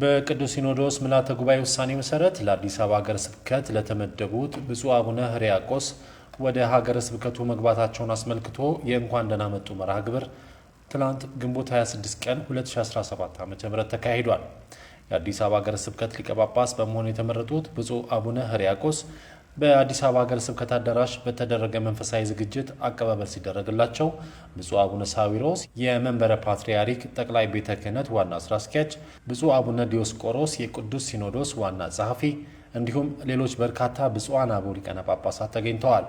በቅዱስ ሲኖዶስ ምልዓተ ጉባኤ ውሳኔ መሰረት ለአዲስ አበባ ሀገረ ስብከት ለተመደቡት ብፁዕ አቡነ ሕርያቆስ ወደ ሀገረ ስብከቱ መግባታቸውን አስመልክቶ የእንኳን ደህና መጡ መርሃ ግብር ትናንት ግንቦት 26 ቀን 2017 ዓ ም ተካሂዷል። የአዲስ አበባ ሀገረ ስብከት ሊቀ ጳጳስ በመሆን የተመረጡት ብፁዕ አቡነ ሕርያቆስ በአዲስ አበባ ሀገረ ስብከት አዳራሽ በተደረገ መንፈሳዊ ዝግጅት አቀባበል ሲደረግላቸው ብፁዕ አቡነ ሳዊሮስ የመንበረ ፓትርያርክ ጠቅላይ ቤተ ክህነት ዋና ስራ አስኪያጅ፣ ብፁዕ አቡነ ዲዮስቆሮስ የቅዱስ ሲኖዶስ ዋና ጸሐፊ እንዲሁም ሌሎች በርካታ ብፁዓን አበው ሊቃነ ጳጳሳት ተገኝተዋል።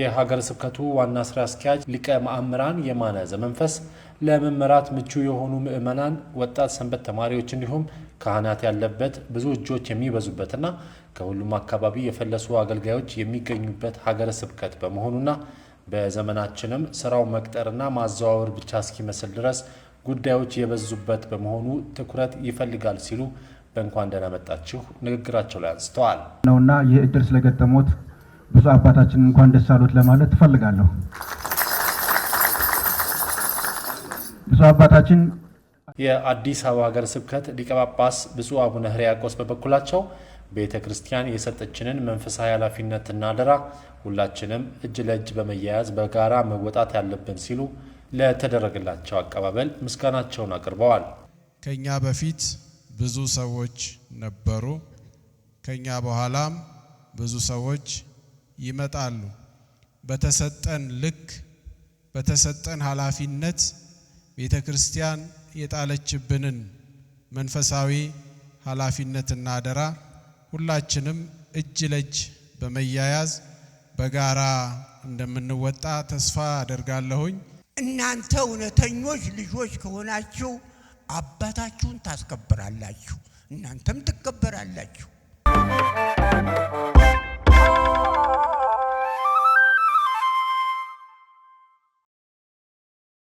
የሀገረ ስብከቱ ዋና ስራ አስኪያጅ ሊቀ ማእምራን የማነ ዘመንፈስ ለመመራት ምቹ የሆኑ ምእመናን ወጣት ሰንበት ተማሪዎች እንዲሁም ካህናት ያለበት ብዙ እጆች የሚበዙበትና ከሁሉም አካባቢ የፈለሱ አገልጋዮች የሚገኙበት ሀገረ ስብከት በመሆኑና በዘመናችንም ስራው መቅጠርና ማዘዋወር ብቻ እስኪመስል ድረስ ጉዳዮች የበዙበት በመሆኑ ትኩረት ይፈልጋል ሲሉ በእንኳን ደህና መጣችሁ ንግግራቸው ላይ አንስተዋል ነውና ይህ እድል ስለገጠሞት ብፁዕ አባታችን እንኳን ደስ አሎት ለማለት ትፈልጋለሁ። ብፁዕ አባታችን የአዲስ አበባ ሀገረ ስብከት ሊቀ ጳጳስ ብፁዕ አቡነ ሕርያቆስ በበኩላቸው ቤተ ክርስቲያን የሰጠችንን መንፈሳዊ ኃላፊነት አደራ ሁላችንም እጅ ለእጅ በመያያዝ በጋራ መወጣት ያለብን ሲሉ ለተደረገላቸው አቀባበል ምስጋናቸውን አቅርበዋል። ከኛ በፊት ብዙ ሰዎች ነበሩ። ከኛ በኋላም ብዙ ሰዎች ይመጣሉ። በተሰጠን ልክ በተሰጠን ኃላፊነት ቤተ ክርስቲያን የጣለችብንን መንፈሳዊ ኃላፊነትና አደራ ሁላችንም እጅ ለእጅ በመያያዝ በጋራ እንደምንወጣ ተስፋ አደርጋለሁኝ። እናንተ እውነተኞች ልጆች ከሆናችሁ አባታችሁን ታስከብራላችሁ፣ እናንተም ትከበራላችሁ።